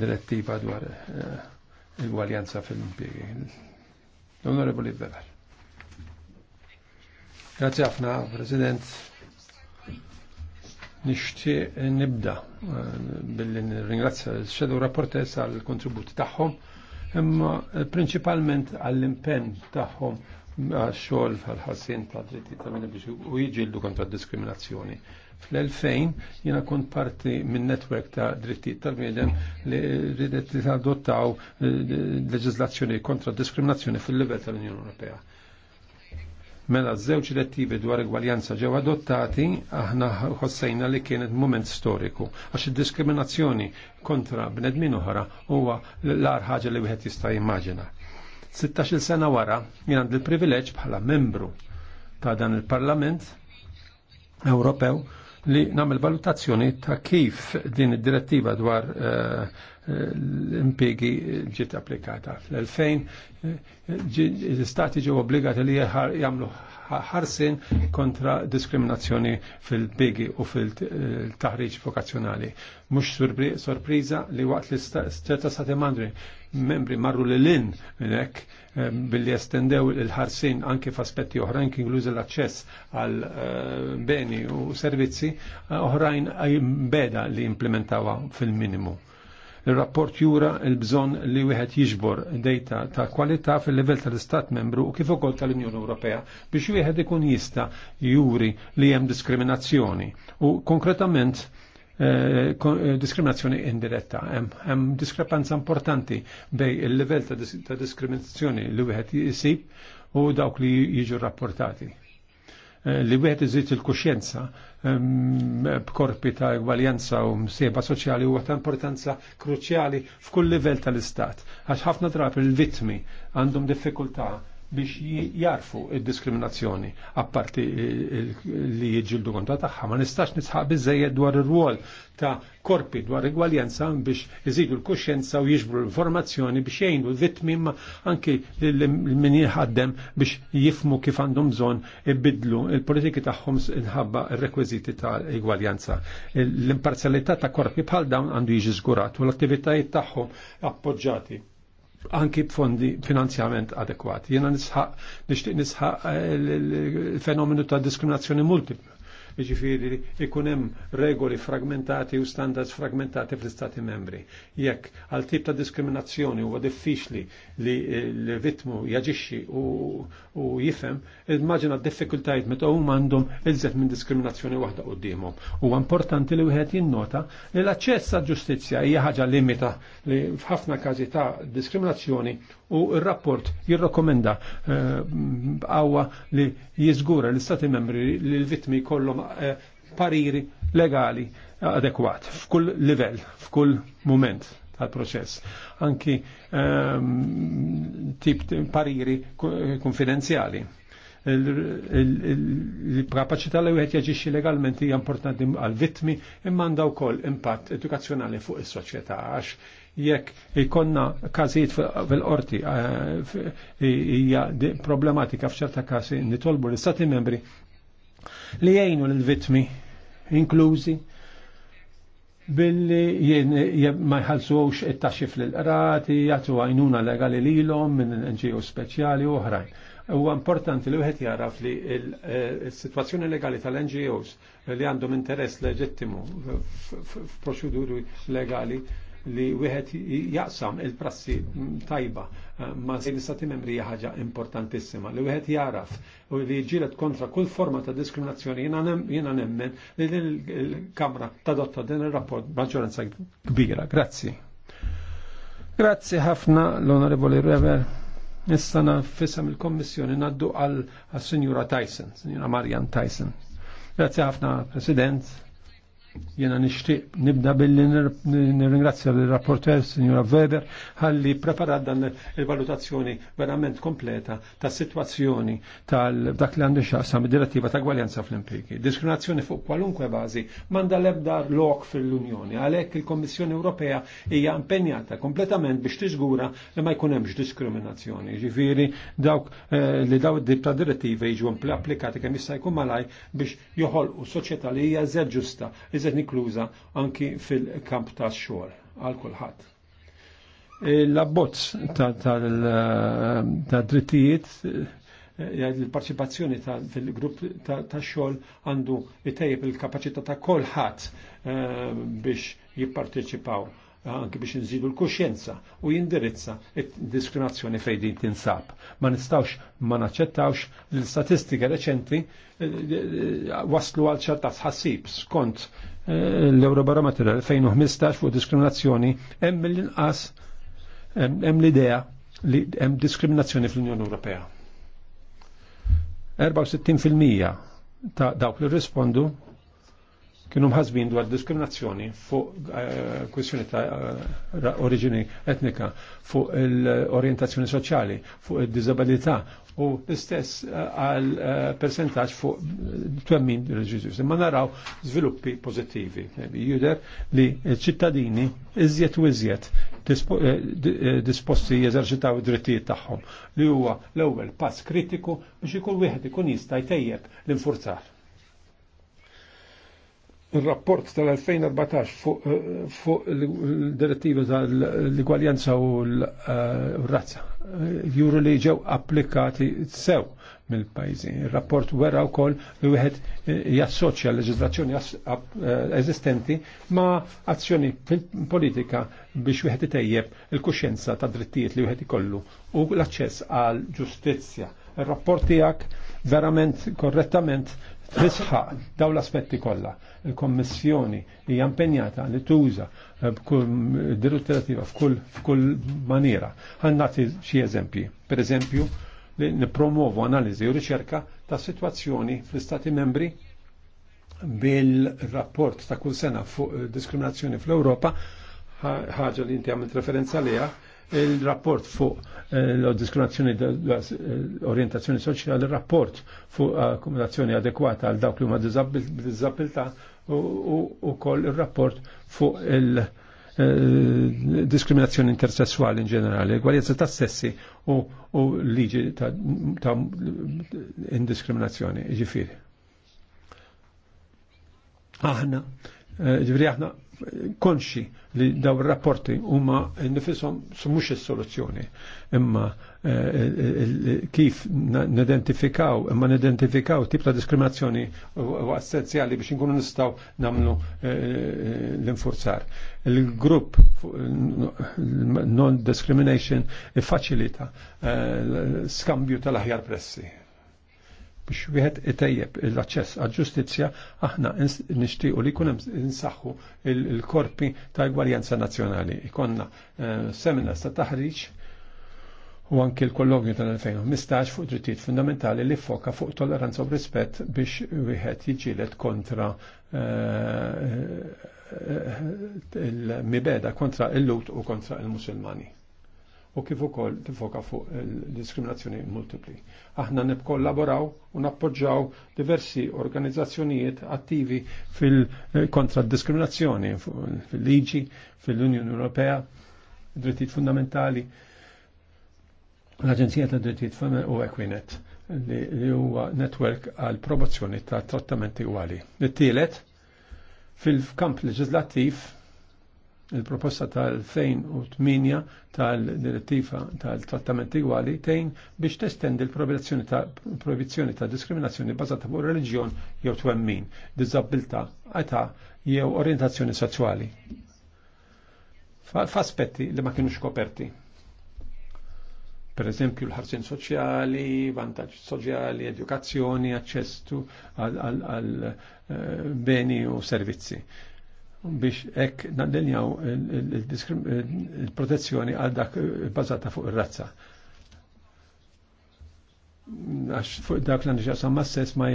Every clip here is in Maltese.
direttiva dwar eh, il-gwaljanza fil-impjegi. L-Onorevoli Bever. Grazie ħafna, President. Nixtieq nibda eh, billi ringrazzja l-Shadow Rapportess għal kontribut tagħhom, imma eh, prinċipalment għall-impenn tagħhom għax xogħol għal ħassien ta' dritti ta' minn biex u jiġildu kontra diskriminazzjoni fl-2000 jina kont parti minn netwerk ta' drittijiet tal-bniedem li ridet li adottaw eh, leġizlazzjoni kontra diskriminazzjoni fil-livell tal-Unjoni Ewropea. Mela żewġ direttivi dwar igwaljanza ġew adottati, aħna ħossejna li kienet moment storiku għax id-diskriminazzjoni kontra bnedmin oħra huwa l-ar ħaġa li wieħed jista' jimmaġina. 16 sena wara jien għandi l-privileġġ bħala membru ta' dan il-Parlament Ewropew li nagħmel valutazzjoni ta' kif din id-direttiva dwar l-impiegi ġiet applikata. Fl-2000 l-istati ġew obbligati li jagħmlu ħarsin kontra diskriminazzjoni fil-bigi u fil-taħriġ vokazzjonali. Mhux sorpriża li waqt li ċerta stati mandri membri marru l lin minnek eh, billi estendew il-ħarsin anki f'aspetti oħrajn kinkluż l-aċċess għal eh, beni u servizzi eh, oħrajn beda li implementawa fil-minimu. Il-rapport jura il-bżon li wieħed jiġbor data ta' kwalità fil-livell tal-Istat membru u kif ukoll tal-Unjoni Ewropea biex wieħed ikun jista' juri li hemm diskriminazzjoni. U konkretament diskriminazzjoni indiretta. Hemm diskrepanza importanti bej il-livell ta' diskriminazzjoni li wieħed jisib u dawk li jiġu rapportati eh, li wieħed iżid il-kuxjenza ehm, b'korpi ta' egwaljanza u msejba soċjali huwa ta' importanza kruċjali f'kull livell tal-istat. Għax ħafna drabi il-vittmi għandhom diffikultà biex jarfu il diskriminazzjoni apparti eh, eh, li jġildu kontra tagħha, ma nistax nisħaq biżejjed dwar ir ruol ta' korpi dwar igwaljenza biex iżidu l-kuxjenza u jiġbru l-informazzjoni biex jgħinu l-vittmi anki l-min jħaddem biex jifmu kif għandhom bżonn ibidlu il-politiki tagħhom inħabba r-rekwiżiti ta' igwaljenza. L-imparzjalità ta' korpi bħal dawn għandu jiġi żgurat u l-attivitajiet tagħhom appoġġati anki b'fondi finanzjament adekwati. Jena nisħaq, nishtiq nisħaq il-fenomenu eh, ta' diskriminazzjoni multipla Ġifiri, ikunem regoli fragmentati u standards fragmentati fl-Stati membri. Jekk għal tip ta' diskriminazzjoni huwa diffiċli li l-vittmu jaġixxi u jifhem, immaġina d-diffikultajiet meta huma għandhom iżet minn diskriminazzjoni waħda qudiemhom. Huwa importanti li wieħed jinnota li l-aċċess għal ġustizzja hija ħaġa limita li f'ħafna każi ta' diskriminazzjoni u r-rapport jirrakomenda eh, għawa li jizgura l-istati membri li l-vitmi kollom eh, pariri legali adekwat f'kull livell, f'kull moment tal-proċess. Anki ehm, tip pariri konfidenzjali il-kapacità li wieħed jaġixxi legalment hija importanti għal vittmi imma għandha wkoll impatt edukazzjonali fuq is-soċjetà għax jekk ikonna każijiet fil-qorti eh, hija problematika f'ċerta każi nitolbu l-istati membri li jgħinu l-vittmi inklużi billi ma jħalsux it-taxxi fl-qrati, jagħtu għajnuna legali lilhom minn NGO speċjali u oħrajn Huwa importanti li wieħed jaraf li s-sitwazzjoni eh, legali tal-NGOs li għandhom interess leġittimu f'proċeduri legali li wieħed jaqsam il-prassi tajba eh, ma se l-istati membri ħaġa importantissima li wieħed jaraf u li ġilet kontra kull forma ta' diskriminazzjoni jiena nemmen li din il-Kamra tadotta din ir-rapport maġġoranza kbira. Grazzi. Grazzi ħafna l-Onorevoli Rever. Issa nafissam il-Kommissjoni naddu għal signora Tyson, signora Marian Tyson. Grazie ħafna, President. Jena nishtiq nibda billi nirringrazzja l-rapporter Signora Weber ħalli preparat dan il-valutazzjoni verament kompleta ta' situazzjoni tal-dak li għandu xaqsam direttiva ta' gwaljanza fl-impjegi. Diskriminazzjoni fuq kwalunkwe bażi manda lebda lok fil-Unjoni. Għalhekk il-Kommissjoni Ewropea hija impenjata kompletament biex tiżgura li ma jkun hemmx diskriminazzjoni. Ġifieri dawk eh, li daw id-dib ta' direttiva jiġu applikati kemm jista' jkun malaj biex joħolqu soċjetà li hija ġusta iżet nikluża anki fil-kamp ta' xogħol għal kulħadd. E, l-abbozz ta' drittijiet e, l il-parċipazzjoni fil-grupp ta' xogħol għandu jtejjeb il-kapaċità ta' kolħat e, biex jipparteċipaw anki biex nżidu l-kuxjenza u jindirizza diskriminazzjoni fejn din tinsab. Ma nistawx ma naċċettawx l-statistika reċenti eh, eh, eh, waslu għal ċerta tħassib skont l-Eurobarometer 2015 fuq diskriminazzjoni hemm l-inqas hemm l-idea li hemm diskriminazzjoni fl-Unjoni Ewropea. 64% ta' dawk li rispondu kienu mħazbin dwar diskriminazzjoni fuq eh, kwestjoni ta' eh, oriġini etnika, fuq l-orientazzjoni soċjali, fuq il dizabilità u l-istess eh, għal percentaġġ fuq twemmin reġizjus. Ma naraw żviluppi pożittivi. Juder li ċittadini iżjed u iżjed disposti jeżerċitaw id-drittijiet tagħhom li huwa l-ewwel pass kritiku biex ikun wieħed ikun jista' jtejjeb l-infurzar il-rapport tal-2014 fuq il-direttiva eh, tal-igwaljanza u l-razza eh, juru li ġew applikati sew mill-pajzi. Il-rapport wera wkoll li wieħed eh, jassoċja l-leġislazzjoni eżistenti ma' azzjoni politika biex wieħed itejjeb il-kuxjenza ta' drittijiet li wieħed ikollu u l-aċċess għal ġustizzja il-rapport tijak verament korrettament trisħaq daw l-aspetti kollha. Il-Kommissjoni hija impenjata li tuża b'kull direttiva f'kull f'kull maniera. Ħan nagħti xi eżempji. Pereżempju, li nippromovu analiżi u riċerka ta' situazzjoni fl-Istati membri bil-rapport ta' kull sena fuq diskriminazzjoni fl-Ewropa ħaġa li inti għamilt referenza liha il-rapport fuq eh, l-diskriminazzjoni eh, orientazzjoni soċjali, il-rapport fuq akkomodazzjoni adekwata għal dawk li huma diżabilità u koll il-rapport fuq il- eh, diskriminazzjoni intersessuali in ġenerali, gwaljenza ta' sessi u liġi ta' indiskriminazzjoni, ġifiri. Aħna, ġifiri aħna konxi li daw rapporti huma nifisom mhux is-soluzzjoni imma eh, eh, eh, kif nidentifikaw imma nidentifikaw tip ta' diskriminazzjoni essenzjali biex inkunu nistgħu nagħmlu l-infurzar. Il-grupp non-discrimination faċilita skambju tal-aħjar pressi biex wieħed itejjeb l-aċċess għall-ġustizzja aħna nixtiequ li jkun hemm insaħħu il-korpi ta' gwarjanza nazzjonali. Ikonna eh, seminars ta' taħriġ u anke l-kollogju tal-2015 fuq drittijiet fundamentali li foka fuq tolleranza u rispett biex wieħed jiġilet kontra eh, eh, il-mibeda kontra il-lut u kontra il-Musulmani u kif ukoll tifoka fuq l-diskriminazzjoni multipli. Aħna nibkollaboraw u nappoġġaw diversi organizzazzjonijiet attivi fil-kontra eh, diskriminazzjoni fil-liġi, fil-Unjoni Ewropea, drittijiet fundamentali, l-Aġenzija ta' Drittijiet u Equinet li huwa netwerk għal promozzjoni ta' trattamenti uguali. Li tielet fil-kamp leġislattiv il-proposta tal-2008 tal-direttiva tal-trattamenti għali tejn biex testendi l-proibizzjoni ta', ta diskriminazzjoni bazata fuq reliġjon jew twemmin, diżabilità, età jew orientazzjoni sessuali. F'aspetti li ma kienux koperti. Per eżempju l-ħarsin soċjali, vantaġġ soċjali, edukazzjoni, aċċessu għal eh, beni u servizzi biex ek nadlinjaw il-protezzjoni għal dak bazata fuq ir-razza. Għax fuq dak l-għandġa samma sess ma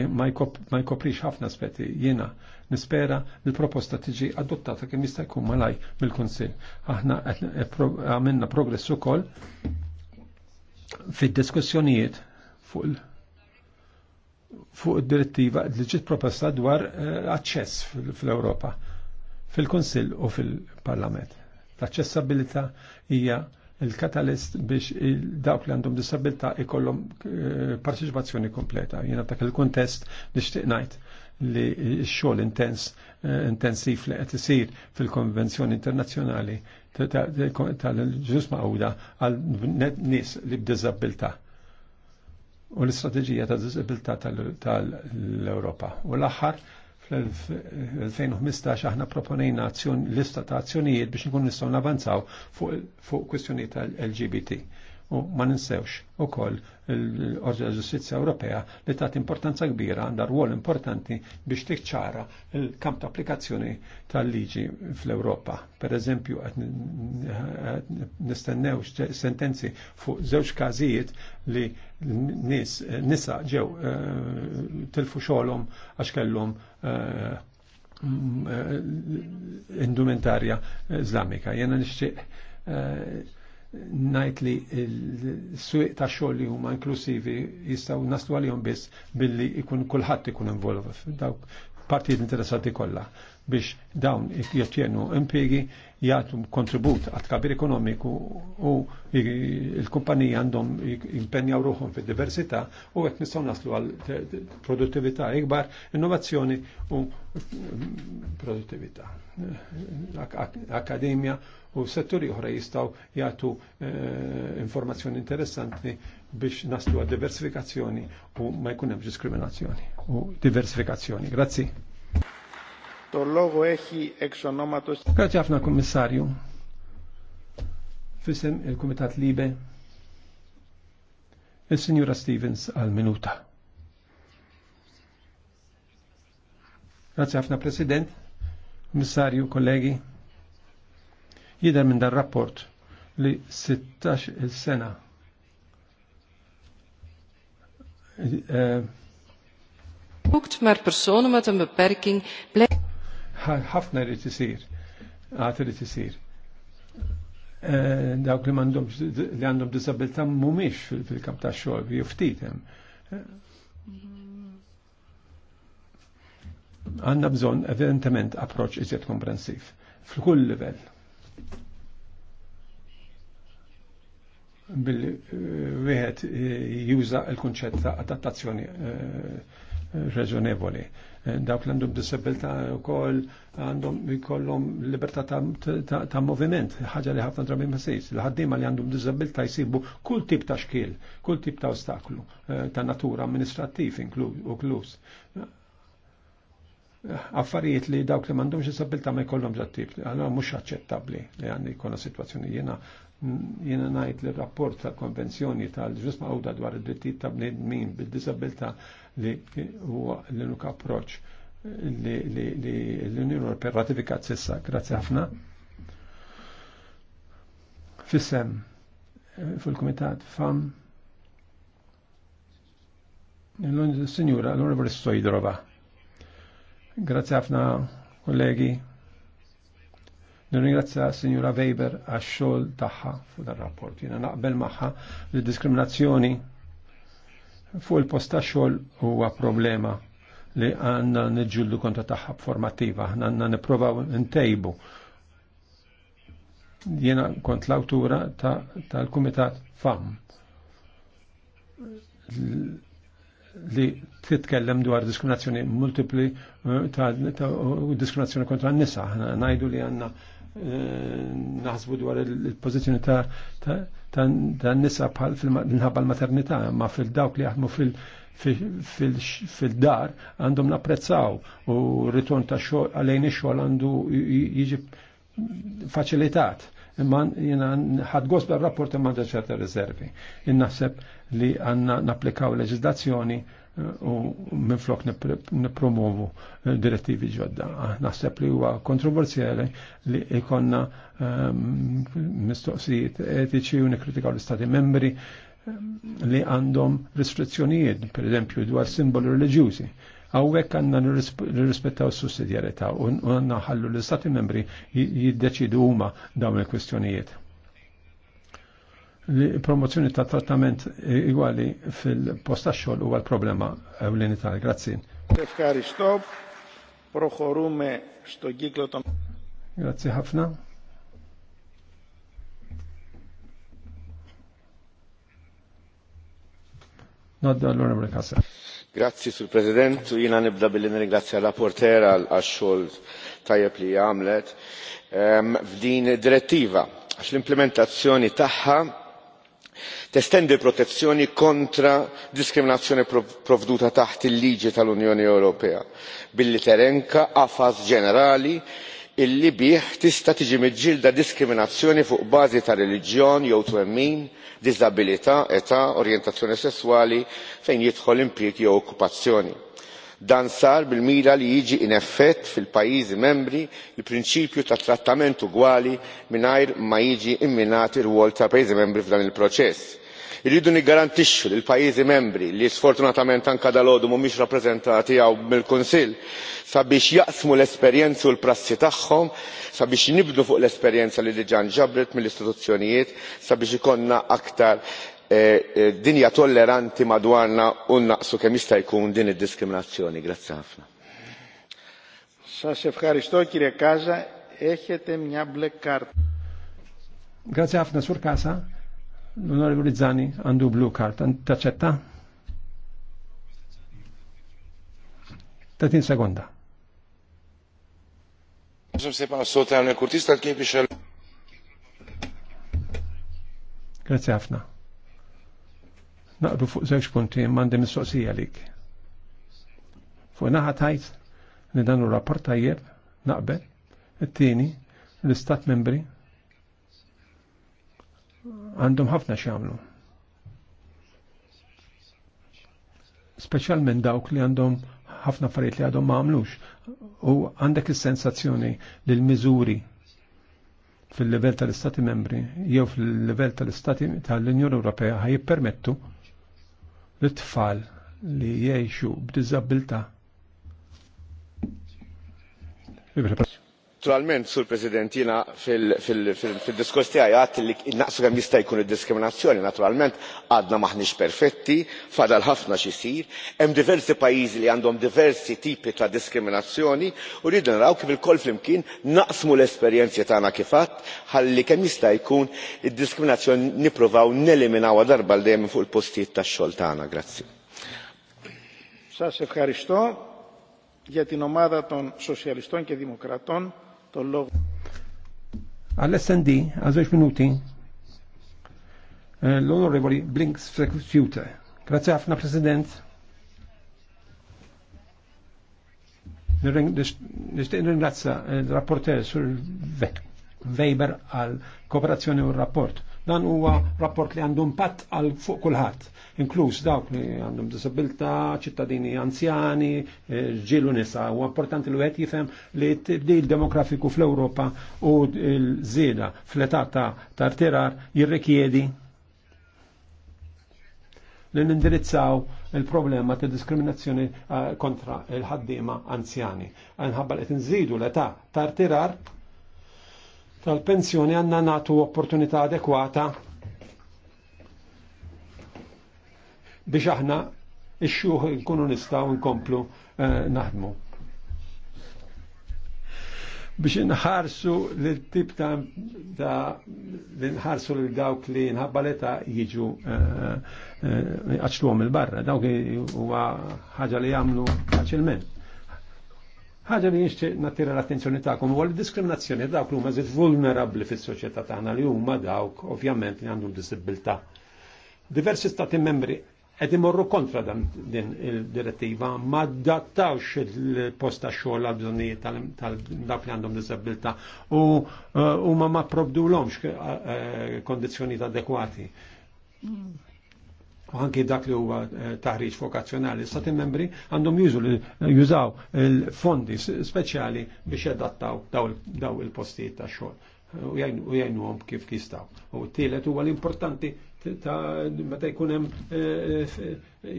jkoprix ħafna aspetti jena nispera l-proposta tiġi adottata kemm jista' jkun malaj mill-Kunsill. Aħna e għamilna progress ukoll fid-diskussjonijiet fuq il- fuq id-direttiva li ġiet proposta dwar eh, aċċess fl-Ewropa fil-Konsil u fil-Parlament. L-aċċessabilità hija il-katalist biex dawk li għandhom disabilità ikollhom eh, parteċipazzjoni kompleta. Jiena dak il-kuntest nixtieq ngħid li x-xogħol intens eh, intensiv li qed isir fil-Konvenzjoni Internazzjonali tal-ġus maqawda għal nies li b'diżabilità u l-istrateġija ta' diżabilità tal-Ewropa. U l-aħħar fl-2015 aħna proponejna lista ta' azzjonijiet biex nkun nistgħu navanzaw fuq kwistjonijiet tal-LGBT. U ma ninsewx ukoll l-Orġa Ġustizzja Ewropea li tat importanza kbira għandha rwol importanti biex tikċara il-kamp ta' applikazzjoni tal-liġi fl-Ewropa. Per eżempju, nistennew sentenzi fuq żewġ każijiet li nis, nisa ġew eh, tilfu xolom għax kellhom eh, indumentarja eh, islamika. Jena nixtieq najt li s-suq ta' xogħol li huma inklusivi jistgħu naslu għalihom biss billi ikun kulħadd ikun involva f'dawk partijiet interessati kollha biex dawn jottienu impiegi jgħatum kontribut għat kabir ekonomiku u il-kumpanija għandhom jimpenjaw ruħum fid diversità u għet nistaw naslu għal produttività ikbar, innovazzjoni u produttività. Akademja u setturi uħra jistaw jgħatu eh, informazzjoni interessanti biex naslu għad diversifikazzjoni u ma jkun hemm diskriminazzjoni u diversifikazzjoni. Grazzi. Grazzi λόγο Kommissarju. εξ ħafna kummissarju. Fisem il-Kumitat Libe. Il-Sinjura Stevens għal-minuta. Grazie ħafna President, Kummissarju, kollegi. Jider minn dar rapport li 16 il-sena Boekt maar personen met een beperking blijven. Ħafna li tisir, għat li tisir. Eh, Dawk li mandom li għandhom disabilità mumiex fil-kamp ta' xogħol, juftitem. Għanna eh. bżon evidentement approċ iżjed komprensiv fil-kull livell billi eh, wieħed eh, juża l-kunċett ta' adattazzjoni eh, reġonevoli. Dawk li għandhom disabilità wkoll għandhom jkollhom libertà ta' moviment, ħaġa li ħafna drabi ma sejs. l ħaddiema li għandhom disabilità jsibu kull tip ta' xkiel, kull tip ta' ostaklu, ta' natura amministrattiv inkluż affarijiet li dawk li m'għandhomx disabilità ma jkollhom ġattib, għal mhux aċċettabbli li għandi jkollna sitwazzjoni jiena jena najt li rapport ta' konvenzjoni tal-ġus mawda dwar id-drittijiet ta' bnedmin bil-disabilta li huwa l unik approċ li l-Unjoni Ewropea ratifikat sissa. Grazzi ħafna. Fissem fil-Kumitat FAM l-Sinjura l-Onorevole Stojdrova. Grazzi ħafna kollegi. Nirringrazzja Signora Weber għax xogħol tagħha fuq dan rapport. Jiena naqbel magħha li diskriminazzjoni fuq il-post ta' xogħol huwa problema li għandna niġġullu kontra tagħha b'formattiva, għandna nipprovaw ntejbu. Jiena kont l-awtura tal-Kumitat FAM li titkellem dwar diskriminazzjoni multipli eh, ta' diskriminazzjoni kontra n-nisa. Najdu li għanna Eh, naħsbu dwar il-pozizjoni ta' nisa bħal minħabba l-maternità, ma fil-dawk li jaħdmu fil-dar għandhom napprezzaw u ritorn ta' xogħol għalejn ix-xogħol għandu jiġi faċilitat. Imma jiena ħad gost bil-rapport imma ċerta riservi. Innaħseb li għanna napplikaw leġislazzjoni eh, u minn flok nipromovu eh, direttivi ġodda. Ah, naħseb li huwa kontroversjali li ikonna ehm, mistoqsijiet etiċi u nikritikaw l-Istati membri ehm, li għandhom restrizzjonijiet, per eżempju, dwar simboli reliġjużi, Għawek għanna nirrispettaw s-sussidjarieta u għanna ħallu l-Istati membri jiddeċidu huma dawn il-kwestjonijiet l-promozzjoni ta' trattament igwali fil-posta xol u għal problema ewlieni tal Grazzi. Grazzi ħafna. Nodda l-Onorevole Kassa. Grazzi sul President, jina nibda billi nirringrazzja l-rapporter għal xol tajab li għamlet f'din direttiva għax l-implementazzjoni taħħa testendi protezzjoni kontra diskriminazzjoni provduta taħt il-liġi tal-unjoni ewropea billi terenka għafas ġenerali illi bih tista' tiġi miġġielda diskriminazzjoni fuq bażi ta' reliġjon jew twemmin diżabilità età orjentazzjoni sesswali fejn jidħol impjieg jew okkupazzjoni dan sar bil-mira li jiġi ineffett fil-pajjiżi membri l-prinċipju ta' trattament ugwali mingħajr ma jiġi imminat ir wol ta' pajjiżi membri f'dan il-proċess. Irridu niggarantixxu lil pajjiżi membri li sfortunatament anke dalgħodu mhumiex rappreżentati hawn mill-Kunsill sabiex jaqsmu l-esperjenzi u l-prassi tagħhom sabiex nibnu fuq l-esperjenza li diġà nġabret mill-istituzzjonijiet sabiex ikollna aktar E, e, dinja tolleranti madwarna u naqsu kemm jista' jkun din id-diskriminazzjoni. Grazzi ħafna. Σας ευχαριστώ kire Kaza, eħete μια μπλε κάρτα. Grazie ħafna sur Kaza. L-Onorevoli Zani għandu blu kart. Taċċetta? 30 sekonda. Grazie għafna. Naqru fuq żewġ punti m'għandi mistoqsija lik. Fuq naħa tajt li dan u rapport tajjeb naqbel, it-tieni l-istat membri għandhom ħafna x'jagħmlu. Speċjalment dawk li għandhom ħafna affarijiet li għadhom ma għamlux. U għandek is-sensazzjoni li l-miżuri fil-livell tal-Istati membri jew fil-livell tal-Istati tal-Unjoni Ewropea ħaj l-tfal li jgħixu b'diżabilità. Naturalment, sur President, jina fil-diskors tiegħi għat li naqsu kemm jista' jkun id-diskriminazzjoni, naturalment għadna maħniex perfetti, fadal ħafna xisir, hemm diversi pajjiżi li għandhom diversi tipi ta' diskriminazzjoni u rridu naraw kif il kol flimkien naqsmu l esperienzi tagħna għana kifat, ħalli kemm jista' jkun id-diskriminazzjoni nippruvaw neliminawha darba l fuq il-postijiet tax-xogħol tagħna. Grazzi. Σας ευχαριστώ για την ομάδα των Σοσιαλιστών και Δημοκρατών Tollog. Għall-SND, għazwex minuti, eh, l-Onorevoli Blinks Fekututa. Grazie għafna, President. Nishtiq nirringrazza il-rapporter eh, sur Weber għal kooperazzjoni u rapport Dan huwa rapport li għandu impatt għal fuq kulħadd, inkluż dawk li għandhom disabilità, ċittadini anzjani, eh, ġilu nisa. U importanti li qed jifhem li t-tibdil demografiku fl-Ewropa u l-żieda fl-età ta' tartirar jirrikjedi li nindirizzaw il-problema ta' diskriminazzjoni eh, kontra il-ħaddima anzjani. Għanħabba li nżidu l-età tartirar tal-pensjoni għanna natu opportunità adekwata biex aħna ix-xuħ nkunu nistaw nkomplu eh, naħdmu. Biex nħarsu l-tip ta' l-nħarsu l-dawk li nħabba l-eta jiġu eh, eh, għaxtuħom il-barra, dawk huwa ħaġa li jamlu faċilment ħaġa li nixtieq nattira l-attenzjoni tagħkom huwa għal diskriminazzjoni dawk li huma żied vulnerabbli fis-soċjetà tagħna li huma dawk ovvjament li għandhom disabilità. Diversi stati membri qed imorru kontra dan din il-direttiva ma dattawx il posta xogħol għal bżonnijiet tal-dawk li għandhom disabilità u eh, huma ma provdulhomx eh, eh, kondizzjonijiet adekwati. Mm u anki dak li huwa eh, taħriġ vokazzjonali, stati membri għandhom eh, jużaw il-fondi speċjali biex jadattaw daw il-postijiet ta' xogħol u jgħinuhom kif jistaw. U t-tielet huwa l-importanti ta' meta jkun hemm eh,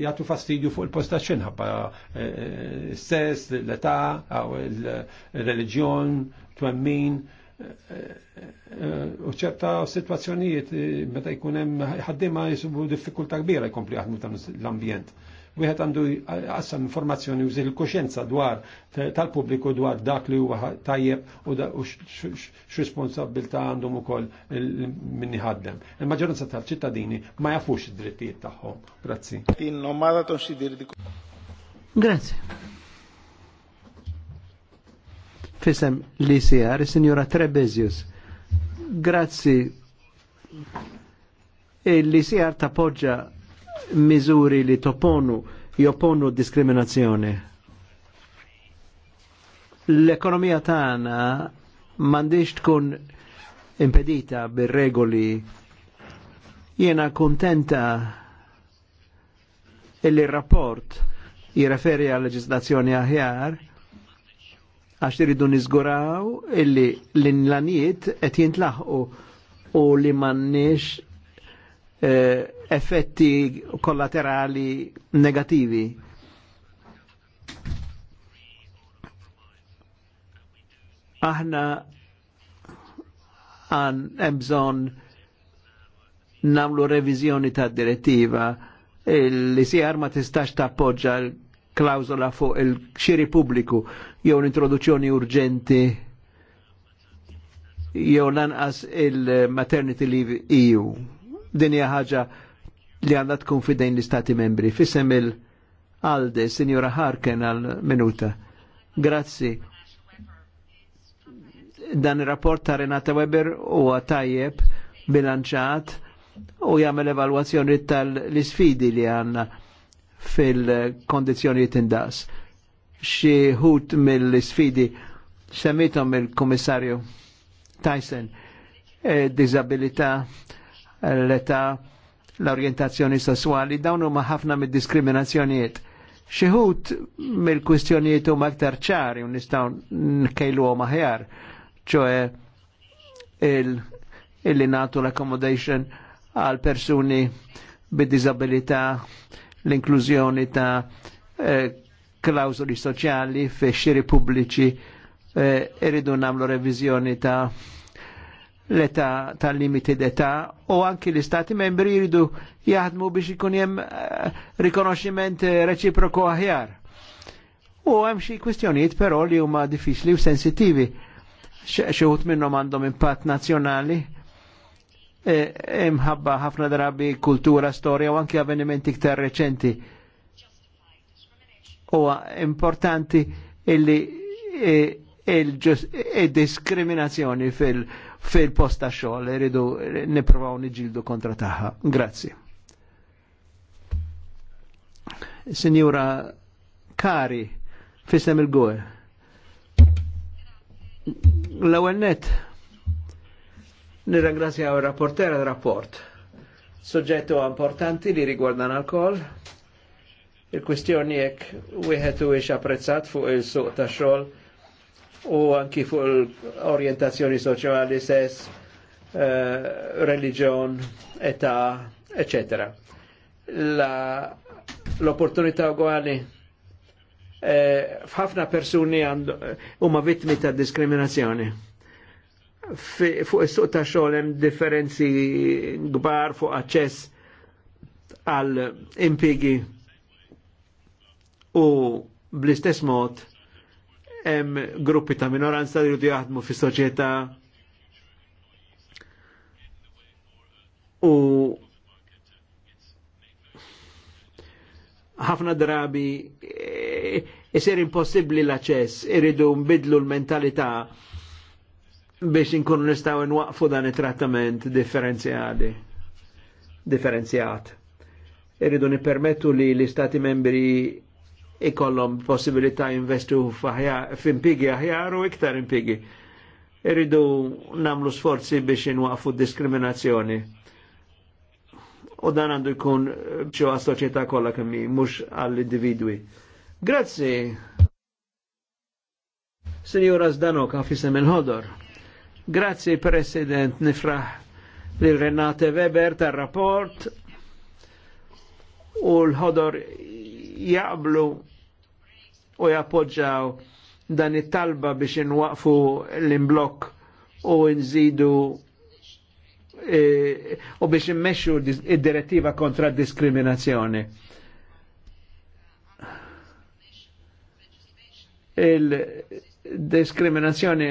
jagħtu fastidju fuq il-post ta' xinħabba sess l-età, il-reliġjon, twemmin u ċerta situazzjonijiet eh, meta jkun hemm ħaddiema jisubu diffikultà kbira jkompli jaħdmu ta' l-ambjent. Wieħed għandu qassam informazzjoni użil il-kuxjenza dwar tal-pubbliku dwar dak li huwa tajjeb u x x'responsabilità għandhom ukoll minni ħaddem. Il-maġġoranza tal-ċittadini ma jafux id-drittijiet tagħhom. Grazzi. Grazzi fisem li sijar, signora Trebezius. Grazzi. E L-ICR tappoġġa miżuri li toponu joponu diskriminazzjoni. L-ekonomija tana mandiġ tkun impedita bir-regoli. Jiena kontenta illi il-rapport jireferi għal leġislazzjoni aħjar għax irridu nizguraw illi l inlaniet qed jintlaħqu u li m'għandniex eh, effetti kollaterali negativi. Aħna għan ebżon namlu revizjoni ta' direttiva li sijar ma tistax tappoġġa l klausola fuq il-xiri pubbliku jew l-introduzzjoni urġenti jew lanqas il-maternity leave EU. Din hija ħaġa li għandha tkun fidejn l-Istati membri. Fisem il-Alde, Sinjora Harken għal-minuta. Grazzi. Dan il rapport ta' Renata Weber huwa tajjeb bilanċat u jagħmel evalwazzjoni tal-isfidi li għandna fil-kondizjoni tindas. Xieħut mill-sfidi semmitom il-komissarju Tyson, eh, disabilità, l-età, l-orientazzjoni sessuali, dawnu huma ħafna mid-diskriminazzjonijiet. Xieħut mill-kwistjonijiet huma aktar ċari u nistgħu nkejluhom maħjar, ċoħe il- illi natu l-accommodation għal persuni bid-disabilità l-inklużjoni ta' eh, klawzuli soċjali fi xiri pubbliċi eh, irridu namlu revizjoni ta' l-età tal-limiti d-età u anki l-istati membri jridu jaħdmu biex ikun jem eh, rikonoximent reċiproku aħjar. U hemm xi kwistjonijiet però li huma diffiċli u sensittivi xeħut minnom għandhom impatt nazjonali E, imħabba ħafna drabi kultura, storja u anki avvenimenti iktar reċenti. U importanti illi e, il-diskriminazzjoni e, fil-posta xoll rridu nippruvaw niġildu kontra taħħa. Grazzi. Signora Kari, fissem il-goe. L-ewwel net Nirrangrazzja u rapporter għal rapport. Soġġettu importanti li rigwardan alkol. Il-kwistjoni jekk wieħed u apprezzat fuq il-suq ta' xogħol u anki fuq l-orientazzjoni soċjali, sess, eh, reliġjon, età, eccetera. L-opportunità uguali eh, f'ħafna persuni huma vittmi ta' diskriminazzjoni fuq is-suq ta' xogħol hemm differenzi kbar fuq aċċess għal impigi u bl-istess mod hemm gruppi ta' minoranza li jridu jaħdmu fis-soċjetà u ħafna drabi isir e, e, e, impossibbli l-aċċess, iridu e nbidlu l-mentalità biex inkunu nistaw nwaqfu dan it-trattament differenzjali. Differenzjat. Irridu nipermettu li l-istati membri ikollhom possibilità investu f'impigi aħjar u iktar impigi. Irridu namlu sforzi biex inwaqfu diskriminazzjoni. U dan għandu jkun bċu għas-soċjetà kollha kemmi, mhux għall-individwi. Grazzi. Signora Zdanok, għafisem il-ħodor. Grazzi President, nifraħ li Renate Weber tar-rapport u l-ħodor jaqblu u jappoġġaw dan it-talba biex inwaqfu l-imblok u nżidu e, u biex immexxu id-direttiva kontra diskriminazzjoni. Il-diskriminazzjoni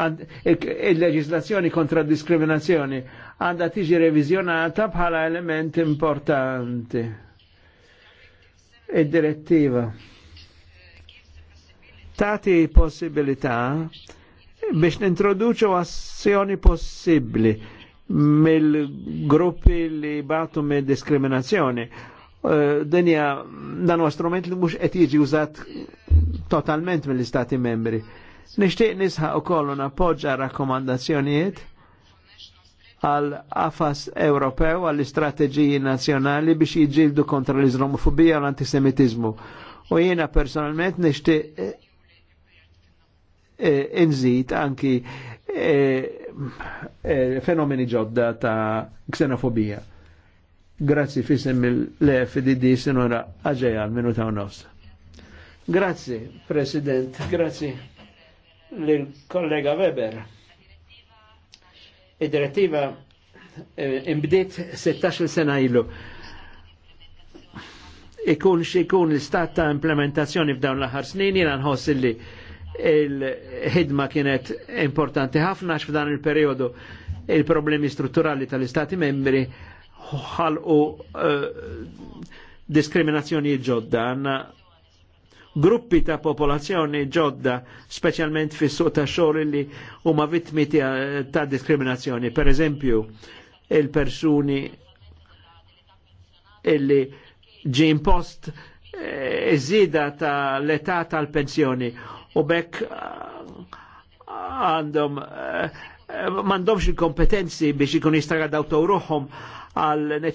il-leġislazzjoni kontra diskriminazzjoni għanda tiġi revizjonata bħala element importanti. il direttiva tati possibilità biex nintroduċu azzjoni possibli mill-gruppi li batu me diskriminazzjoni. Eh, Dinja dan u strument li mux etiġi jiġi użat totalment mill-Istati membri Nishtiq nisħaq ukoll appoġġa rakkomandazzjonijiet għal afas Ewropew għall istrateġiji nazjonali biex jiġildu kontra l-izromofobija u l-antisemitizmu. U jiena personalment nishtiq eh, eh, inżid anki eh, fenomeni ġodda ta' xenofobija. Grazzi fissim l-FDD sinora għagġeja għal minuta u nofs. Grazzi, President, grazzi l kollega Weber. Id-direttiva eh, imbdiet 16 sena ilu. Ikun xikun l-istat ta' implementazzjoni f'dawn l-aħħar snin jiena nħoss li il-ħidma kienet importanti ħafna x'f'dan il periodu il-problemi strutturali tal-istati membri ħalqu eh, diskriminazzjoni ġodda għanna gruppi ta' popolazzjoni ġodda, specialment fis suq ta' xogħol li huma vittmi ta' diskriminazzjoni. Per eżempju, il-persuni illi ġi impost eh, iż-żieda ta' l-età tal-pensjoni u bekk eh, għandhom eh, mandomx il-kompetenzi biex ikun jistagħdaw ruħhom għal